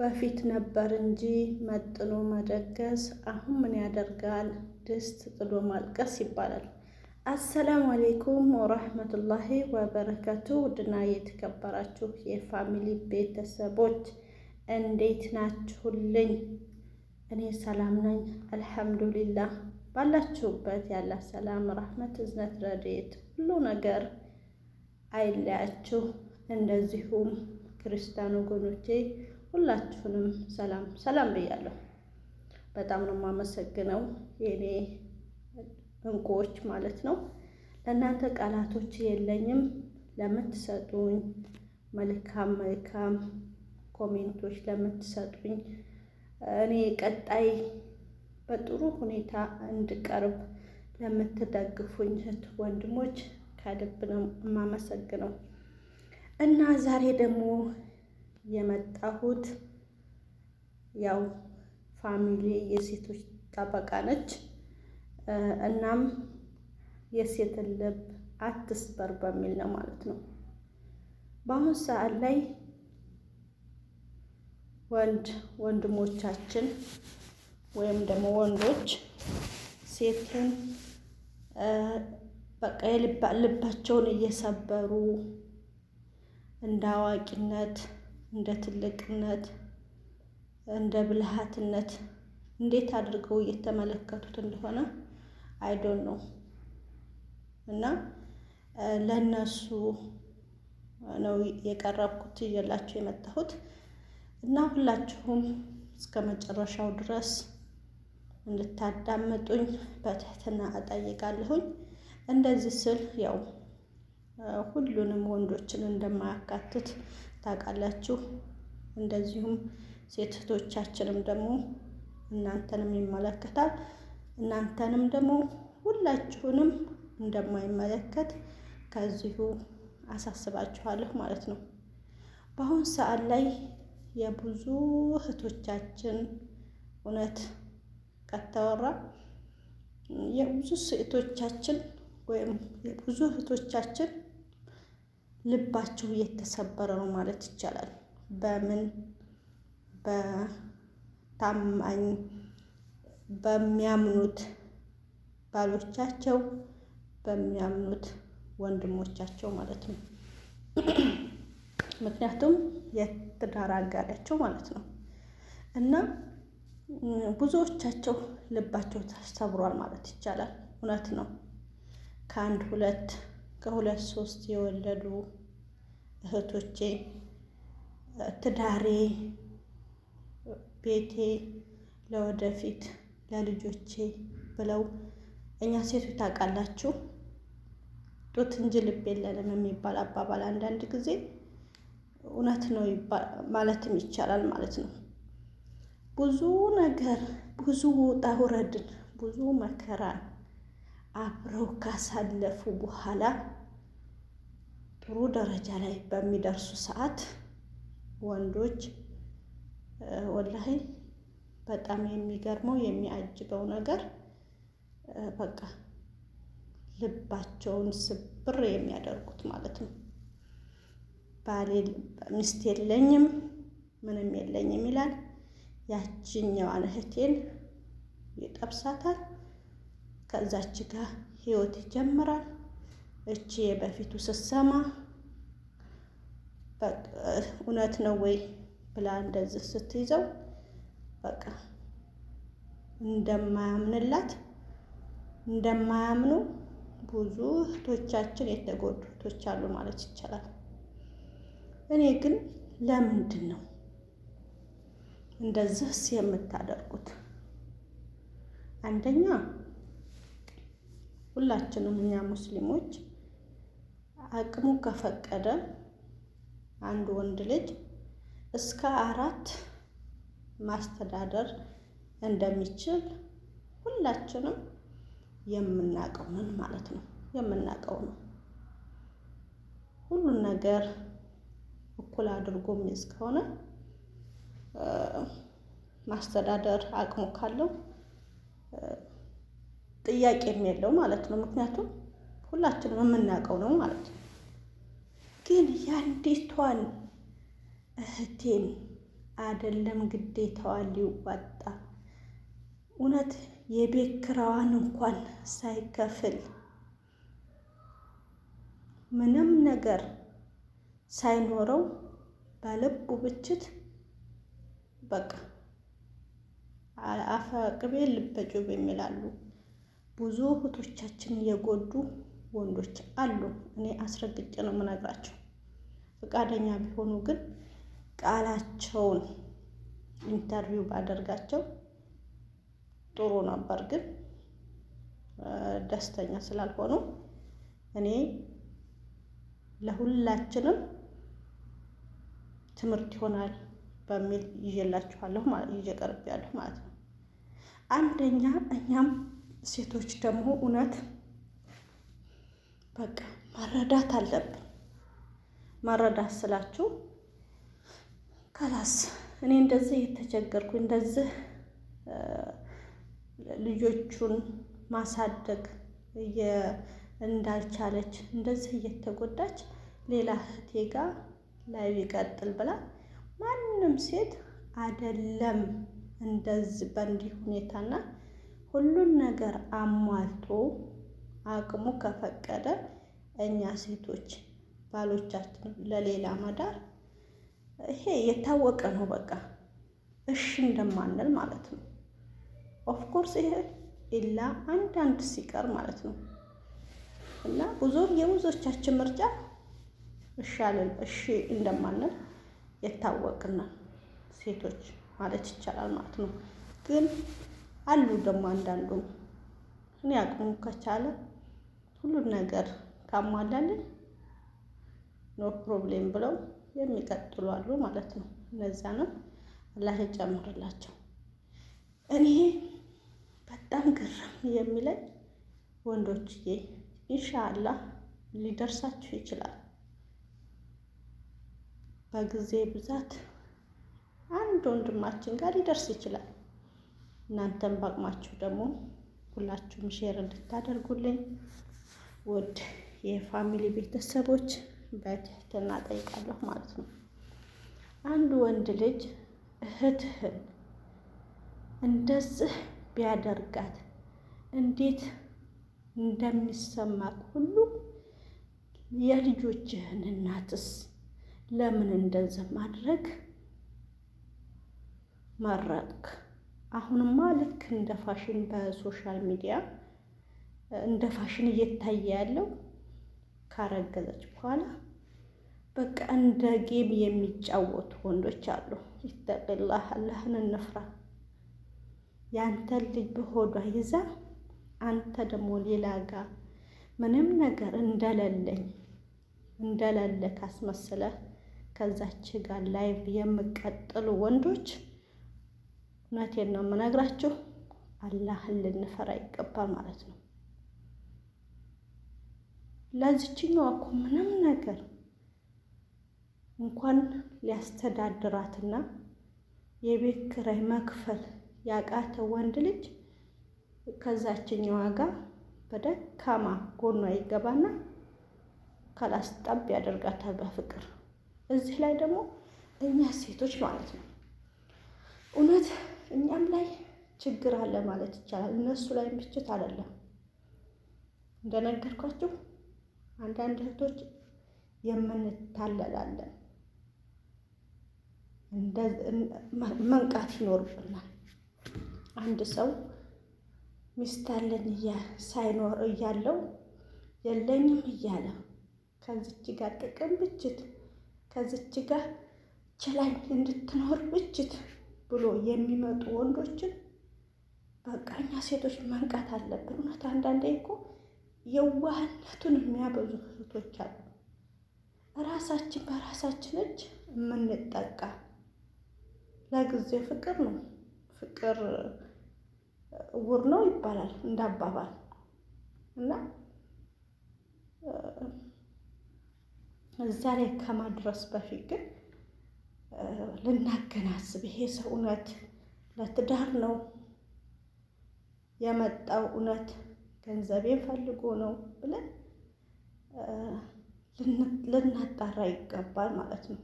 በፊት ነበር እንጂ መጥኖ መደገስ አሁን ምን ያደርጋል? ድስት ጥሎ ማልቀስ ይባላል። አሰላሙ አሌይኩም ወራህመቱላሂ ወበረከቱ። ውድና የተከበራችሁ የፋሚሊ ቤተሰቦች እንዴት ናችሁልኝ? እኔ ሰላም ነኝ አልሐምዱሊላህ። ባላችሁበት ያለ ሰላም ረህመት፣ እዝነት፣ ረድኤት ሁሉ ነገር አይለያችሁ። እንደዚሁም ክርስቲያን ወገኖቼ ሁላችሁንም ሰላም ሰላም ብያለሁ። በጣም ነው የማመሰግነው የኔ እንቁዎች ማለት ነው። ለእናንተ ቃላቶች የለኝም። ለምትሰጡኝ መልካም መልካም ኮሜንቶች ለምትሰጡኝ እኔ ቀጣይ በጥሩ ሁኔታ እንድቀርብ ለምትደግፉኝ እህት ወንድሞች ከልብ ነው የማመሰግነው እና ዛሬ ደግሞ የመጣሁት ያው ፋሚሊ የሴቶች ጠበቃ ነች። እናም የሴትን ልብ አትስበር በሚል ነው ማለት ነው። በአሁኑ ሰዓት ላይ ወንድ ወንድሞቻችን ወይም ደግሞ ወንዶች ሴትን በቃ ልባቸውን እየሰበሩ እንደ አዋቂነት እንደ ትልቅነት እንደ ብልሃትነት እንዴት አድርገው እየተመለከቱት እንደሆነ አይዶን ነው እና ለእነሱ ነው የቀረብኩት ይዤላችሁ የመጣሁት እና ሁላችሁም እስከ መጨረሻው ድረስ እንድታዳምጡኝ በትህትና እጠይቃለሁኝ። እንደዚህ ስል ያው ሁሉንም ወንዶችን እንደማያካትት ታውቃላችሁ። እንደዚሁም ሴት እህቶቻችንም ደግሞ እናንተንም ይመለከታል። እናንተንም ደግሞ ሁላችሁንም እንደማይመለከት ከዚሁ አሳስባችኋለሁ ማለት ነው። በአሁን ሰዓት ላይ የብዙ እህቶቻችን እውነት ከተወራ የብዙ ሴቶቻችን ወይም የብዙ እህቶቻችን ልባቸው እየተሰበረ ነው ማለት ይቻላል። በምን በታማኝ በሚያምኑት ባሎቻቸው በሚያምኑት ወንድሞቻቸው ማለት ነው። ምክንያቱም የትዳር አጋሪያቸው ማለት ነው እና ብዙዎቻቸው ልባቸው ተሰብሯል ማለት ይቻላል። እውነት ነው ከአንድ ሁለት ከሁለት ሶስት የወለዱ እህቶቼ ትዳሬ፣ ቤቴ፣ ለወደፊት ለልጆቼ ብለው እኛ ሴቶች ታውቃላችሁ ጡት እንጂ ልብ የለንም የሚባል አባባል አንዳንድ ጊዜ እውነት ነው ማለትም ይቻላል ማለት ነው። ብዙ ነገር ብዙ ውጣ ውረድን ብዙ መከራን አብረው ካሳለፉ በኋላ ጥሩ ደረጃ ላይ በሚደርሱ ሰዓት ወንዶች ወላሂ በጣም የሚገርመው የሚያጅበው ነገር በቃ ልባቸውን ስብር የሚያደርጉት ማለት ነው። ባሌ ሚስት የለኝም ምንም የለኝም ይላል። ያችኛዋን እህቴን ይጠብሳታል። ከዛች ጋር ህይወት ይጀምራል። እቺ በፊቱ ስትሰማ እውነት ነው ወይ ብላ እንደዚህ ስትይዘው በቃ እንደማያምንላት እንደማያምኑ ብዙ እህቶቻችን የተጎዱ እህቶች አሉ ማለት ይቻላል። እኔ ግን ለምንድን ነው እንደዚህስ የምታደርጉት? አንደኛ ሁላችንም እኛ ሙስሊሞች አቅሙ ከፈቀደ አንድ ወንድ ልጅ እስከ አራት ማስተዳደር እንደሚችል ሁላችንም የምናውቀው ማለት ነው የምናውቀው ነው። ሁሉን ነገር እኩል አድርጎ የሚይዝ ከሆነ ማስተዳደር አቅሙ ካለው ጥያቄ የለው ማለት ነው። ምክንያቱም ሁላችንም የምናውቀው ነው ማለት ነው። ግን ያንዲቷን እህቴን አደለም ግዴታዋን ሊዋጣ እውነት የቤት እንኳን ሳይከፍል ምንም ነገር ሳይኖረው በልቡ ብችት በቃ አፈቅቤ ልበጩብ የሚላሉ ብዙ እህቶቻችን የጎዱ ወንዶች አሉ። እኔ አስረግጬ ነው የምነግራቸው። ፈቃደኛ ቢሆኑ ግን ቃላቸውን ኢንተርቪው ባደርጋቸው ጥሩ ነበር። ግን ደስተኛ ስላልሆኑ እኔ ለሁላችንም ትምህርት ይሆናል በሚል ይዤላችኋለሁ ይዤ ቀርቤያለሁ ማለት ነው። አንደኛ እኛም ሴቶች ደግሞ እውነት በቃ መረዳት አለብን። መረዳት ስላችሁ ከላስ እኔ እንደዚህ የተቸገርኩ እንደዚህ ልጆቹን ማሳደግ እንዳልቻለች እንደዚህ እየተጎዳች ሌላ እህቴ ላይ ቢቀጥል ብላ ማንም ሴት አይደለም እንደዚህ በእንዲህ ሁኔታና ሁሉን ነገር አሟልቶ አቅሙ ከፈቀደ እኛ ሴቶች ባሎቻችን ለሌላ መዳር ይሄ የታወቀ ነው። በቃ እሺ እንደማንል ማለት ነው። ኦፍኮርስ ይሄ ኢላ አንዳንድ ሲቀር ማለት ነው። እና ብዙ የብዙዎቻችን ምርጫ እሻልን እሺ እንደማንል የታወቅና ሴቶች ማለት ይቻላል ማለት ነው። ግን አሉ ደግሞ አንዳንዱ እኔ አቅሙ ከቻለ ሁሉን ነገር ካሟላልን ኖ ፕሮብሌም ብለው የሚቀጥሉ አሉ ማለት ነው። እነዛንም አላህ ይጨምርላቸው። እኔ በጣም ግርም የሚለኝ ወንዶችዬ ኢንሻአላህ ሊደርሳችሁ ይችላል። በጊዜ ብዛት አንድ ወንድማችን ጋር ሊደርስ ይችላል። እናንተም በአቅማችሁ ደግሞ ሁላችሁም ሼር እንድታደርጉልኝ ውድ የፋሚሊ ቤተሰቦች በትህትና ጠይቃለሁ ማለት ነው። አንድ ወንድ ልጅ እህትህን እንደዚህ ቢያደርጋት እንዴት እንደሚሰማት ሁሉ የልጆችህን እናትስ ለምን እንደዚህ ማድረግ መረጥክ? አሁንማ ልክ እንደ ፋሽን በሶሻል ሚዲያ እንደ ፋሽን እየታየ ያለው ካረገዘች በኋላ በቃ እንደ ጌም የሚጫወቱ ወንዶች አሉ። ይተቅላህ አላህን እንፍራ። ያንተን ልጅ በሆዷ ይዛ አንተ ደግሞ ሌላ ጋር ምንም ነገር እንደለለኝ እንደለለ ካስመስለ ከዛች ጋር ላይቭ የምቀጥሉ ወንዶች እውነቴን ነው የምነግራችሁ፣ አላህን ልንፈራ ይገባል ማለት ነው። ለዚችኛዋ እኮ ምንም ነገር እንኳን ሊያስተዳድራትና የቤት ኪራይ መክፈል ያቃተ ወንድ ልጅ ከዛችኛዋ ጋር በደካማ ጎኗ ይገባና ከላስ ጣብ ያደርጋታል በፍቅር። እዚህ ላይ ደግሞ እኛ ሴቶች ማለት ነው እውነት እኛም ላይ ችግር አለ ማለት ይቻላል። እነሱ ላይ ምችት አይደለም እንደነገርኳችሁ አንዳንድ እህቶች የምንታለላለን። መንቃት ይኖርብናል። አንድ ሰው ሚስት አለኝ ሳይኖር እያለው የለኝም እያለ ከዚች ጋር ጥቅም ብችት ከዚች ጋር ችላኝ እንድትኖር ብችት ብሎ የሚመጡ ወንዶችን በቃ እኛ ሴቶች መንቃት አለብን። እውነት አንዳንዴ እኮ የዋህነቱን የሚያበዙ እህቶች አሉ። ራሳችን በራሳችን እጅ የምንጠቃ ለጊዜ ፍቅር ነው ፍቅር እውር ነው ይባላል እንደ አባባል እና እዛ ላይ ከማድረስ በፊት ግን ልናገናዝብ ይሄ ሰው እውነት ለትዳር ነው የመጣው እውነት ገንዘቤን ፈልጎ ነው ብለን ልናጣራ ይገባል ማለት ነው።